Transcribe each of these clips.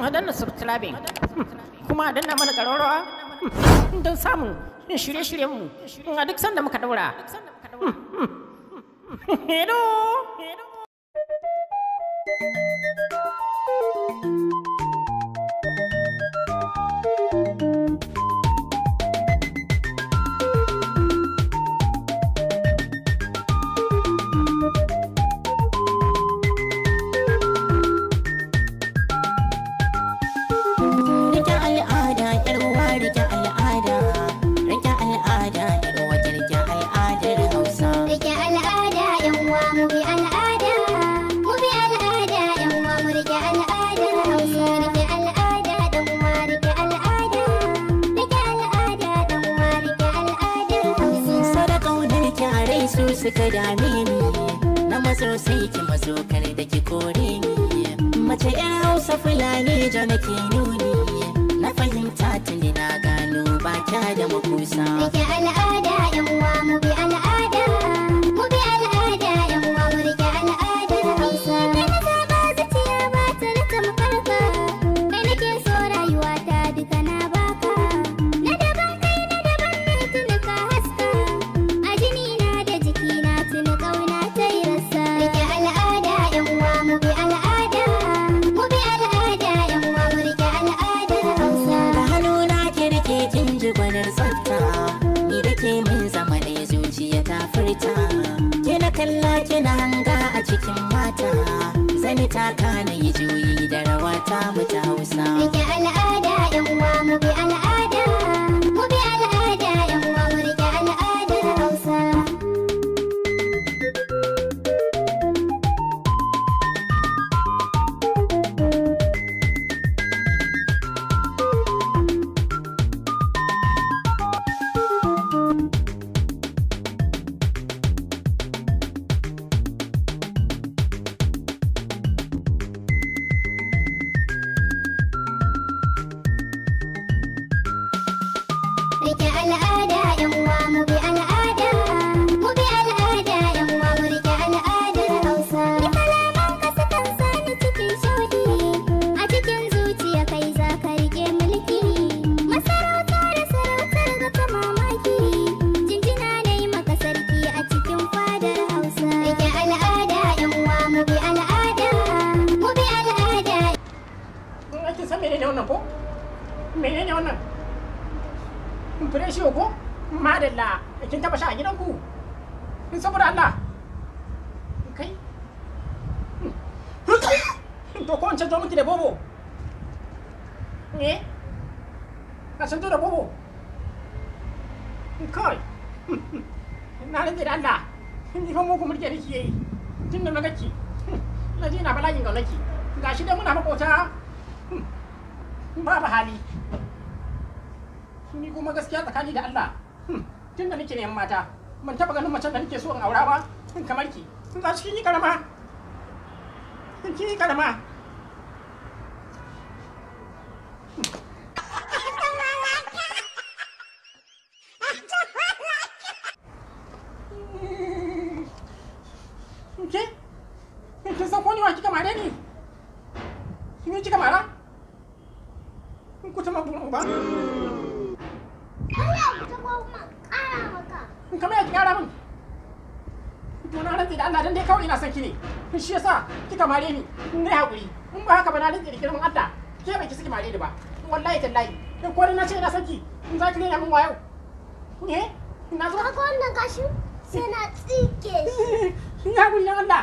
waɗanda subscribing kuma danna mana ƙararrawa don samun shirye-shiryenmu a duk sanda muka daura. Hello! su suka dame ni na maso sai ki maso kar da ki kore ni mace yan hausa fulani ja nake nuni na fahimta tuni na gano ba kya da makusa. ki al'ada kalla kina hanga a cikin mata zani ta kana yi juyi da rawa ta mu ta hausa rike al'ada yan uwa mu bi al'ada mu bi al'ada yan mu rike al'adar Hausa ni kalaman ka sukan sani cikin a cikin zuciya kai za ka mulki masarauta da sarautar ga ta mamaki ne maka a cikin fadar Hausa rike al'ada yan mu bi al'ada mu bi al'ada menene wannan ko? Menene wannan? Pressure ko? Madalla, kin taba sha a gidanku? In saboda Allah. Kai? Hmm. To ko in canjo miki da bobo? Eh? A canjo da bobo? Kai? Hmm. Na rinde da Allah. Ni fa muku mulke nake yi. Tun da magaki. Hmm. Na ji na bala'in ga nake. Gashi dai muna makota. Babu hali. ni kuma gaskiya tsakani da Allah hmm, tun da nake ne mata ban taba ganin macen da nake so in aura ba in kamar ki in za ki karama in ki karama hmm. Ke? Kin ni? Ni in kamar ya gyara min na da Allah kawai ina son ki ne shi yasa kika mare ni hakuri in ba haka ba na rantsi da girman ke ki saki mare ni ba wallahi ko na ce ina son na wannan kashi sai na tsike shi ya hakuri dan Allah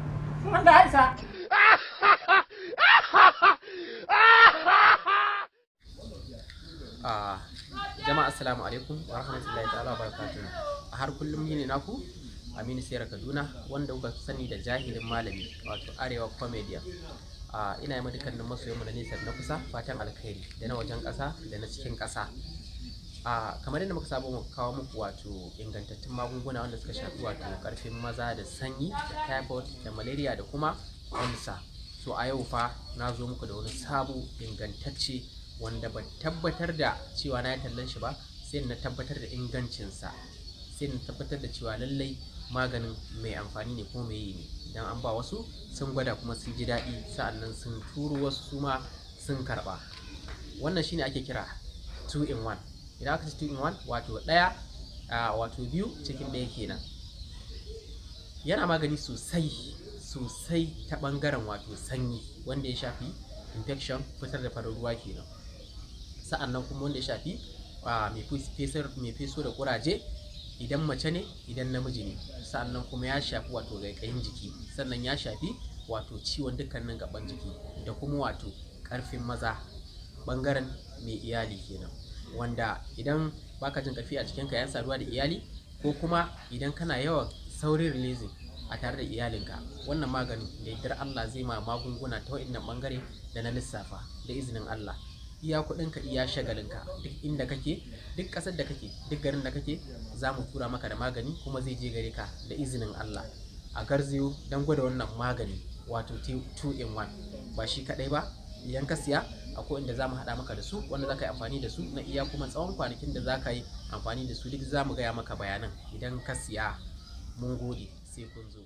Allah isa. Jama'a assalamu alaikum wa rahmatullahi ta'ala barakatuhu. Har kullum ni ne naku Aminu Sera Kaduna wanda kuka sani da jahilin malami wato Arewa Comedian. Ah, ina yi dukkanin masoyanmu na nesa na kusa fatan alkhairi da na wajen ƙasa da na cikin ƙasa. a kamar yadda muka saba mu kawo muku wato ingantattun magunguna wanda suka shafi wato karfin maza da sanyi da typhoid da malaria da kuma ulcer so a yau fa na zo muku da wani sabo ingantacce wanda ba tabbatar da cewa na yi tallan shi ba sai na tabbatar da ingancinsa sai na tabbatar da cewa lallai maganin mai amfani ne ko mai yi ne idan an ba wasu sun gwada kuma sun ji daɗi sa'annan sun turo wasu suma sun karɓa wannan shine ake kira 2 in 1 idan aka ce 2 in 1 wato ɗaya wato biyu cikin ɗaya kenan yana magani sosai sosai ta ɓangaren wato sanyi wanda ya shafi infection fitar da farin ruwa kenan sa'annan kuma wanda ya shafi mai feso da kuraje idan mace ne idan namiji ne sa'annan kuma ya shafi wato gaikayin jiki sannan ya shafi wato ciwon dukkanin gaban jiki da kuma wato ƙarfin maza ɓangaren mai iyali kenan wanda idan baka jin kafi a cikinka 'yan saduwa da iyali ko kuma idan kana yawan saurin releasing a tare da iyalinka wannan maganin da yardar Allah zai ma magunguna ta wa'innan bangare da na lissafa da izinin Allah iya kuɗinka iya shagalinka duk inda kake duk ƙasar da kake duk garin da kake za mu tura maka da magani kuma zai je gare ka da izinin Allah a garziyo don gwada wannan magani wato 2 in 1 ba shi kaɗai ba idan ka siya akwai inda za mu haɗa maka da su wanda za ka yi amfani da su na iya kuma tsawon kwanakin da za ka yi amfani da su duk za mu gaya maka bayanan idan ka siya mun gode sai kun zo